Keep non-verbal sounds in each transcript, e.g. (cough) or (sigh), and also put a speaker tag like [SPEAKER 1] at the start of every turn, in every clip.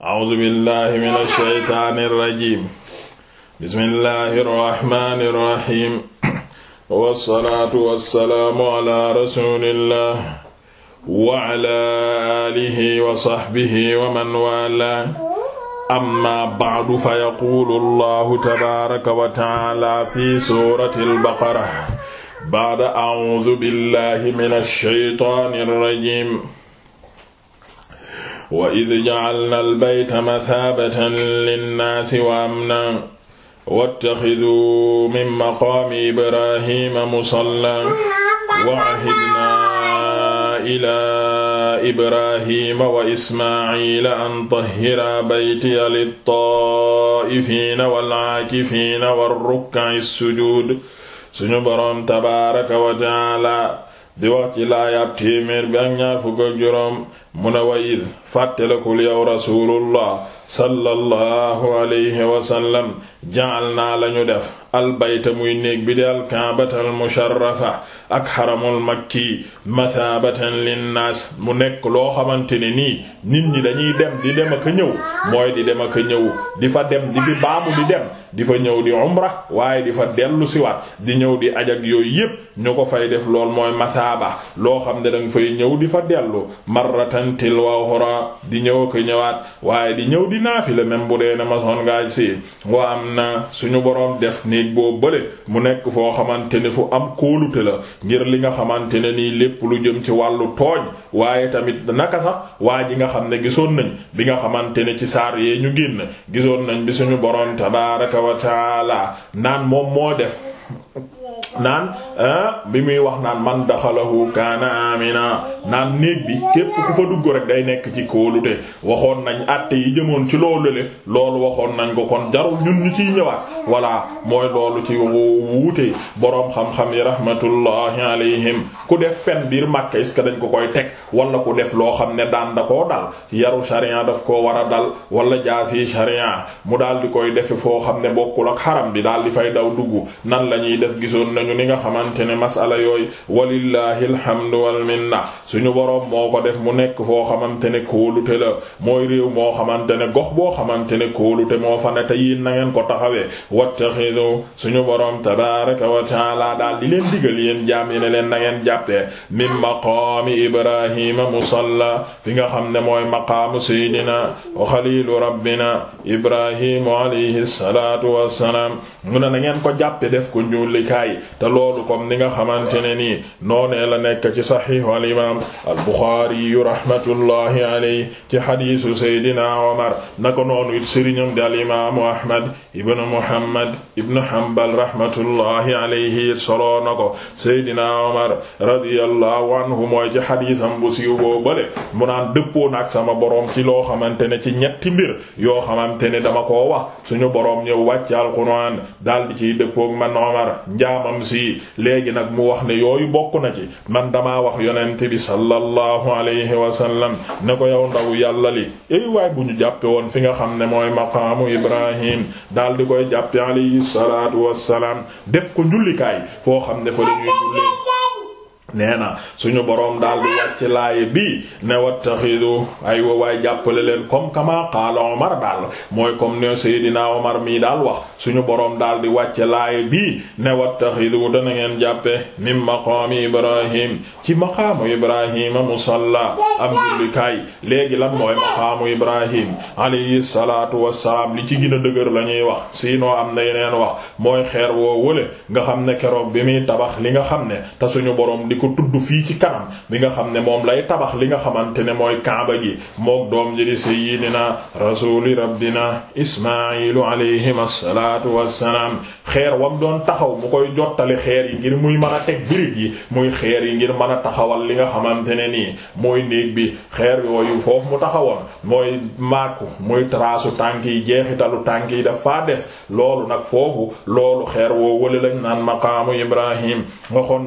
[SPEAKER 1] a'uuzu billahi mina shaytaani rajiim bismillahi rahmaani rahiim wassalaatu wassalaamu ala rasulillah wa ala alihi wa sahbihi wa man waalaahu amma ba'du fa yaquulu allahu tabaaraka wa ta'aala fi suuratil baqara ba'da a'uuzu billahi mina shaytaani rajiim wa id jacalna albayta mathaabatan linnaasi wa amna wattaxiduu min maqaami ibrahima musalla wa ahidnaa ilaa ibrahima wa ismaaciila an tahira baytiya littaa'ifiina walcaakifiina warrukkaci sujuud suñu boroom tabaaraka wa tacaala di wax ci laayaab téeméer bi ak ñaar fukk ak juróom mu ne wa id fàttalakul yow rasulullah sallallahu alayhi wa jaal naa lañu def albayta muy néeg bi di alkaabatal musharrafa ak xaramul makki mathabatan linnaas mu nekk loo xamante ne nii nit ñi dañuy dem di dem ak ñëw mooy di dem ak ñëw di fa dem di fi baamu di dem di fa ñëw di umra waaye di fa dellu siwaat di ñëw di ajak yooyu yépp ñu ko fay def lool mooy mathaba loo xam ne danga fay ñëw di fa dellu marratan tilwa di ñëw ak ñëwaat waaye di ñëw di naafila même bu dee na masoon ngaa si wa am ja'al na suñu boroom def néeg boo bële mu nekk foo xamante ne fu am kóolute la ngir li nga xamante ne nii lépp lu jëm ci wàllu tooñ waaye tamit naka sax waa ji nga xam ne gisoon nañ bi nga xamante ne ci saar yee ñu génn gisoon nañ bi suñu boroom tabaaraka wa taala naan moom moo def naan ah, bi muy wax naan man daxalahu kaana amina naan néeg bi képp ku fa dugg rek day nekk ci kóolute waxoon nañ àtte yi jëmoon ci loolu le loolu waxoon nañ ko kon jarul ñun ñu ciy ñëwaat voilà mooy loolu ci wuute boroom xam-xam yi rahmatullahi alayhim ku def pen biir Makka est-ce que dañ ko koy teg wala ku def loo xam ne daan da koo dal yaru sharia daf koo war a dal wala jaasi sharia mu daal di koy defe foo xam ne bokkul ak xaram bi daal di fay daw dugg ñu li nga xamante ne masala yooyu walillahi alhamdu wal minna suñu boroom moo ko def mu nekk foo xamante ne kóolute la mooy réew moo xamante ne gox boo xamante ne kóolute moo fa ne te yéen nangeen ko taxawee wattaxidu suñu boroom tabaraka wa taala daal di leen digal yéen jaam leen na ngeen jàppee min maqaami ibrahima musalla fi nga xam ne mooy maqaamu seydina wa xalilu rabbina ibrahimu alayhi salaatu wassalaam mu ne na ngeen ko jàppe def ko njullikaay te loolu comme ni nga xamante ne ni noonee la nekk ci saxiixu al imaam al buxaari yu rahmatullahi alayhi ci xadiisu seydina omar na ko noonu it sëriñam di al imaamu ahmad ibnu muhammad ibnu hanbal rahmatullahi alayhi soloo na ko seydina omar radiyallahu anhu mooy ci xadiisam bu siiw boo bale mu naan dëppoo nak sama borom ci loo xamante ne ci ñetti mbir yoo xamante ne dama koo wax suñu borom ñëw wàcc alxuraan daal di ciy man omar si léegi nag mu wax ne yooyu bokk na ci man dama wax yonent bi sallallahu alayhi wa sallam ne ko yow ndaw yàlla li ey waay bu ñu jàppe woon fi nga xam ne mooy maqaamu ibrahim daal di koy jàppe alayhi salaatu wassalaam def ko jullikaay foo xam ne fa dañuy jullee nee na suñu boroom daal di wàcc laaye bi ne wattaxidu ay wa waay jàppale leen comme kama qaala Omar daal mooy comme ne Seydina Omar mii daal wax suñu boroom daal di wàcc laaye bi ne wattaxidu dana ngeen jàppe min maqaami Ibrahim ci maqaamu Ibrahima musalla am jullikaay léegi lan mooy maqaamu Ibrahim alayhi salaatu wassalaam li ci gën a dëgër la ñuy wax sinon am na yeneen wax mooy xeer woo wële nga xam ne keroog bi muy tabax li nga xam ne te suñu boroom ko tudd fii ci kanam bi nga xam ne moom lay tabax li nga xamante ne mooy kaaba gi mook doom ji di sayyidina rasuli rabbina ismailu alayhim assalatu wassalaam xeer wam doon taxaw mu koy jottali xeer yi ngir muy mën a teg birig yi muy xeer yi ngir man a taxawal li nga xamante ne nii mooy néeg bi xeer yooyu foofu mu taxawoon mooy maaku muy traasu tànk yi jeexitalu tànk yi dafa des loolu nag foofu loolu xeer woo wala lañ naan maqaamu ibrahim waxoon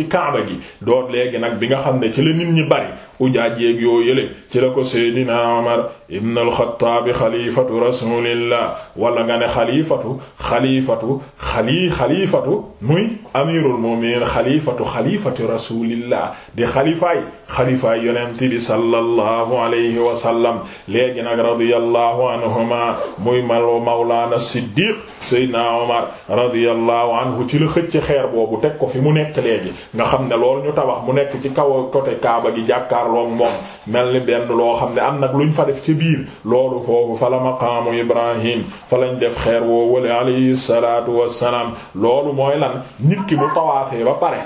[SPEAKER 1] ci kaaba gi doot léegi nag bi nga xam ne ci la nit ñi bari ujaaj yeeg yoo yële ci la ko seydina Umar ibn al-Xattaab xalifatu rasulillah wala nga ne xalifatu xalifatu xali xalifatu muy amirul mu'minin xalifatu xalifatu rasulillah di xalifaay xalifaay yonent bi sallallahu alayhi wa sallam léegi nag radiyallahu anhuma muy malo mawlaana siddiq seydina Umar radiyallahu anhu ci la xëcc xeer boobu teg ko fi mu nekk léegi nga xam ne loolu ñu tabax mu nekk ci kaw côté Kaaba gi jàkkaar jàkkaarloog moom mel ni benn loo xam ne am nag luñ fa def ci biir loolu foofu fa la maqaamu ibrahim fa lañ def xeer woo wale alayhi salaatu wassalaam loolu mooy lan nit ki bu tawaafee ba pare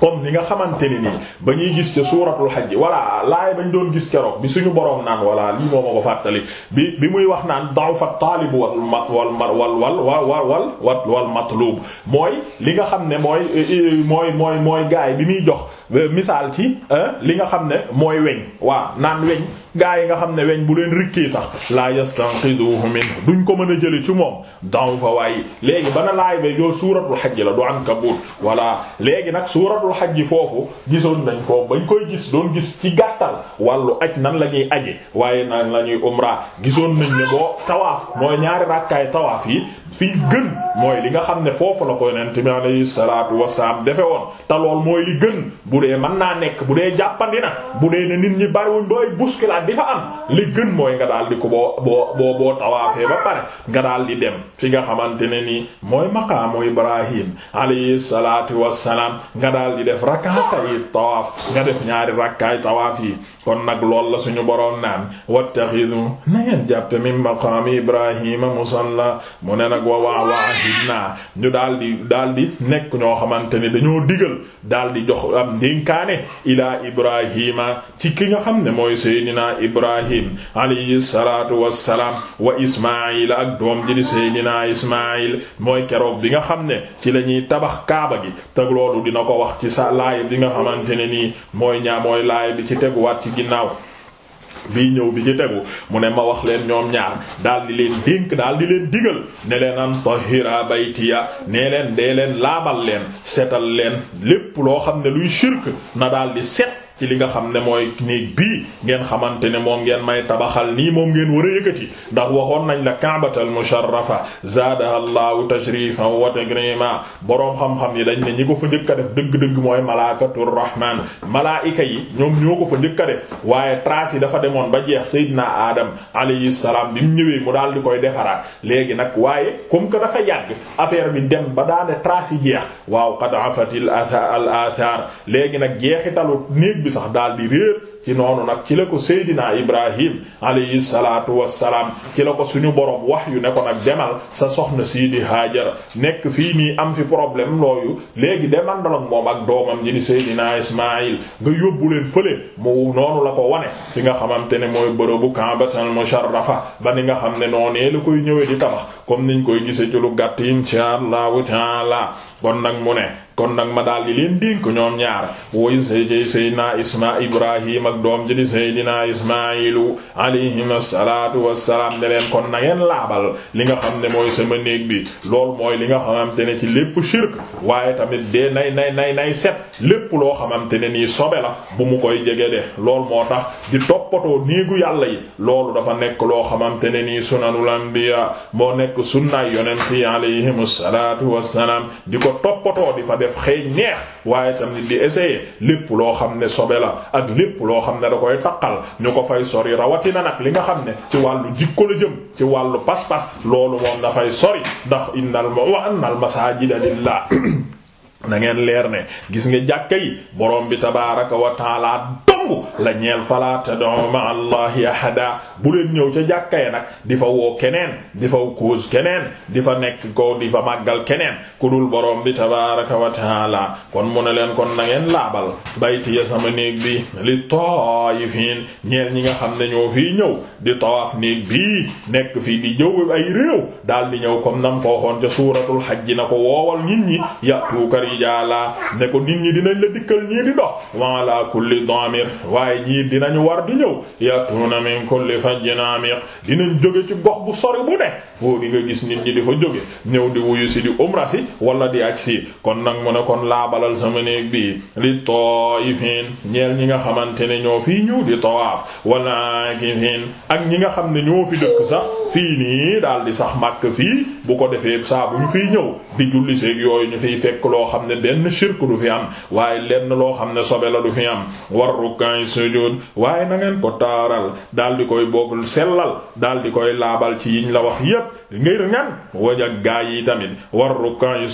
[SPEAKER 1] comme li nga xamante ne nii ba ñuy gis te suuratul xaj walla laay bañ doon gis keroog bi suñu boroom naan walla lii moo ma ko fàttali bi bi muy wax naan da'fa taalib wal ma wal ma wal wal wal wal wal wal matlub mooy li nga xam ne mooy mooy mooy mooy gaay bi muy jox misaal ci li nga xam ne mooy weñ waa naan weñ. gaa yi nga xam ne weñ bu leen rikkii sax laa yastanqiduhu min duñ ko mën a jële ci moom dan fa waaye léegi ba bana laay bay yoo suuratul xaj la du ankabut voilà léegi nag suuratul xaj foofu gisoon nañ foofu bañ koy gis doon gis ci gàttal wàllu aj nan la ñuy aje waaye nan la ñuy umra gisoon nañ ne boo tawaaf mooy ñaari ràkkaay tawaaf yi fii gën mooy li nga xam ne foofu la koy nent bi alayhi salaatu wasalaam defe woon te lool mooy li gën bu d mën naa nekk bu dee jàppandi na daal di fa am li gën mooy nga daal di ko boo boo boo boo tawaafee ba pare nga daal dem fi nga xamante ne nii mooy maqaamu Ibrahim alayhi salaatu wassalaam nga daal di def rakkaatay tawaaf nga def ñaari rakkaay tawaaf yi kon nag lool la suñu boroom naan wattaxidu na ngeen jàppe min maqaami Ibrahima musalla mu ne nag wa waa waahidnaa ñu daal di daal nekk ñoo xamante ni dañoo digal daal di jox am ndénkaane ilaa Ibrahima ci ki nga xam ne mooy Seydina seydina ibrahim alayhi salaatu wassalaam wa ismail ak doom ji di seydina ismail mooy keroog bi nga xam ne ci la ñuy tabax kaaba gi te dina ko wax ci sa laay bi nga xamante ne nii mooy ñaa mooy laay bi ci teguwaat ci ginnaaw bii ñëw bi ci tegu mu ne ma wax leen ñoom ñaar daal di leen dénk daal di leen digal ne leen an tahira baytiya nee leen dee leen laabal leen setal leen lépp loo xam ne luy shirk na daal set ci li nga xam ne mooy néeg bii ngeen xamante ne moom ngeen may tabaxal nii moom ngeen war a yëkkati ndax waxoon nañ la ka'batal musharrafa zaadaha allahu tashrifan wa takrima boroom xam-xam yi dañ ne ñi ko fa njëkk a def dëgg-dëgg mooy malaakatur rahman malaayika ñoom ñoo ko fa njëkk waaye trace yi dafa demoon ba jeex sayyidina adam alayhi salaam bi mu ñëwee mu daal di koy defaraat léegi nag waaye comme que dafa yàgg affaire bi dem ba daane trace jeex waaw qad afatil al athar léegi nag jeexitalu néeg bi sax daal di réer ci noonu nag ci la ko Seydina Ibrahim alayhi salaatu wassalaam ci la ko suñu borom wax yu ne ko nag demal sa soxna sii di Haajara nekk fii nii am fi problème looyu léegi demandal ak moom ak doomam ji di Seydina Ismaayil nga yóbbu leen fële mu noonu la ko wane fi nga xamante ne mooy bërëbu Kaabatul Musharrafa ba ni nga xam ne noonee la koy ñëwee di tabax comme niñ koy gisee ci lu gàtt inshaa Allahu taala kon nag mu ne kon nag ma daal di leen dénk ñoom ñaar woy say saydna isma ibrahim ak doom ji di saydina ismailu alayhim asalatu wassalaam ne leen kon na ngeen laabal li nga xam ne mooy sama néeg bi loolu mooy li nga xamante ne ci lépp shirk waaye tamit dee nay nay nay nay set lépp loo xamante ne nii sobe la bu mu koy jege de loolu moo tax di toppatoo néegu yàlla yi loolu dafa nekk loo xamante ne nii sunanul anbiya moo nekk sunnaay yonent yi alayhim def xëeñ neex waaye tamit di essayer lépp loo xam ne sobe la ak lépp loo xam ne da koy taqal ñu ko fay sori rawatina nag li nga xam ne ci wàllu jikko la jëm ci wàllu pas-pas loolu moom dafay sori ndax innal wa annal masajida lillah (coughs) na ngeen leer ne gis ngi jàkka yi borom bi tabaaraka wa taala dong la ñeel falaa tad'u ma'a allahi ahada bu leen ñëw ca jàkka ya di fa woo keneen di fa cause keneen di fa nekk ko di fa màggal keneen ku dul borom bi tabaraka wa kon mu ne leen kon na ngeen laabal bayti ya sama néeg bi li taayifiin ñeel ñi nga xam ne ñoo fii ñëw di tawaaf néeg bi nekk fii di jëw ay réew daal ñëw comme nam ko ca suuratul xajji na ko woowal nit ñi yatuuka rijaala ne ko nit ñi dinañ la dikkal ñii di dox wa kulli damir waaye ñii dinañu war di ñëw yatuna min kulli fajjin amiq dinañ jóge ci gox bu sori bu ne foo di nga gis nit ñi di fa jóge ñëw di wuyu si di umra si wala di agsi kon nag mu ne kon laabalal sama néeg bi li tooyifiin ñeel ñi nga xamante ne ñoo fii ñëw di walla wala akifiin ak ñi nga xam ne ñoo fi dëkk sax fii nii daal di sax màkk fii bu ko defee saa bu ñu fiy ñëw di julli seeg yooyu ñu fiy fekk loo xam ne benn shirk du fi am waaye lenn loo xam ne sobe la du fi am war rukkaay sujud waaye na ngeen ko taaral daal di koy boog sellal daal di koy laabal ci yiñ la wax yépp ngir ngan waj ak gaa yi tamit war rukkan yi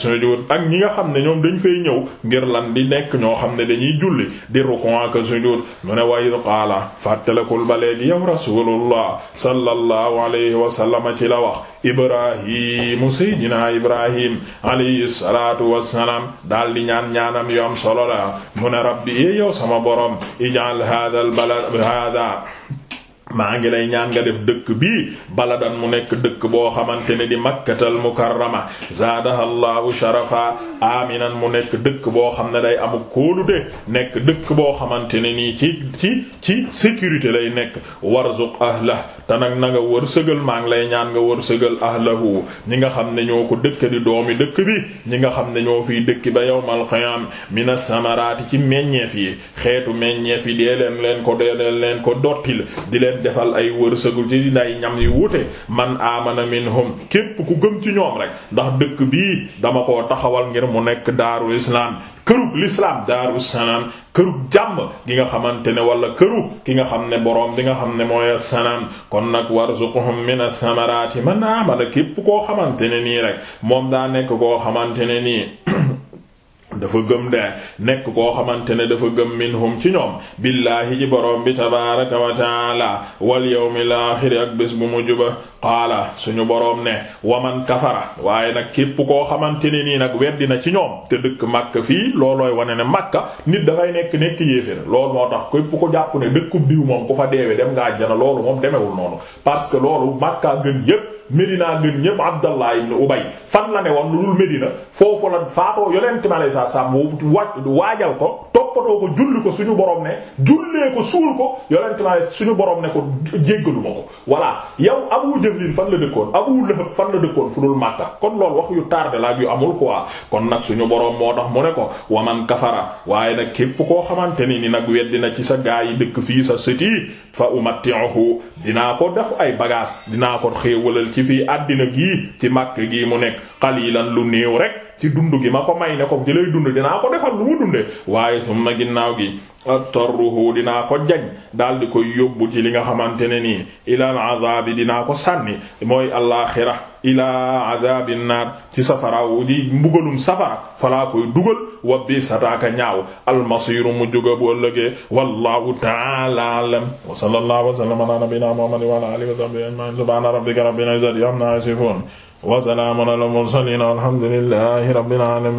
[SPEAKER 1] ak ñi nga xam ne ñoom dañ fay ñëw ngir lan di nekk ñoo xam ne dañuy julli di rukkan ak sujud mu ne wa id qaala fàttalekul ba léegi yow rasulullah sallallahu alayhi wa sallama ci la wax ibrahimu seydina ibrahim alayhi salatu wassalaam daal di ñaan ñaanam yu am solo la mu ne rabbi sama borom ij'al hadha al maa ngi lay ñaan nga def dëkk bii baladan mu nekk dëkk boo xamante ne di makkatal mukarrama zaadaha allahu sharafa aminan mu nekk dëkk boo xam ne day amu kóolute nekk dëkk boo xamante ne nii ci ci ci sécurité lay nekk war warzuq ahlah te nag na nga wërsëgal maa ngi lay ñaan nga wërsëgal ahlahu ñi nga xam ne ñoo ko dëkk di doomi dëkk bi ñi nga xam ne ñoo fiy dëkk ba yawmal qiyam mina samaraati ci meññeef yi xeetu meññeef yi dee leen leen ko dee leen ko dottil di leen leen defal ay wërsëgu ci nay ñam yu wute man amana minhum képp ku gëm ci ñoom rek ndax dëkk bii dama koo taxawal ngir mu nekk daaru islam kërug lislaam daaru salaam kërug jàmm gi nga xamante ne wala kërug ki nga xam ne boroom bi nga xam ne mooy salaam kon nag warzuqhum min athamarati man amana képp koo xamante ne nii rek moom daa nekk koo xamante nii dafa gëm de nekk koo xamante ne dafa gëm minhum ci ñoom billaahi ci boroom bi tabaaraka wa taala wal yawmil aaxiri ak bés bu mujj ba qaala suñu boroom ne waman kafara waaye nag képp koo xamante ne nii nag weddi na ci ñoom te dëkk Makka fii loolooy wane ne Makka nit dafay nekk nekk yéeféer loolu moo tax képp ko jàpp ne dëkkub diw moom ku fa deewe dem nga àjjana loolu moom demewul noonu parce que loolu Makka gën yépp Medina gën ñëpp Abdallah ibn Ubay la salaam waajal ko toppatoo ko julli ko suñu borom ne jullee ko suul ko yolente naa suñu boroom ne ko jéggalu ma ko voilà yow Abu Jahlin fan la dëkkoon Abu Lahab fan la dëkkoon fu dul Makka kon loolu wax yu tardé la ak yu amul kon nag suñu borom moo tax mu ne ko waman kafara waaye nag képp koo xamante ni ni nag weddi na ci sa gaa yi dëkk fii sa sëti fa umatti'uhu dinaa ko def ay bagage dinaa ko xéewalal ci fii àddina gii ci Makka gii mu nekk yi lan lu néew rek ci dund gi ma ko may ne ko ci dund dinaa ko defa lu summa ginnaaw gi attarruhu dinaa ko jag daal di koy yóbbu ci li nga xamante ne nii ilal azaabi dinaa ko sànni mooy alaaxira ilaa azabin naar ci safaraaw di mbugalum safara falaa koy dugal wa bi sataaka ñaaw almasiru mu jóga bu ëllëgee wallahu ta'ala alam wa sallallahu wa sallama ala nabiyyina muhammadin wa ala alihi wa sahbihi ajma'in subhana rabbika rabbil na alamin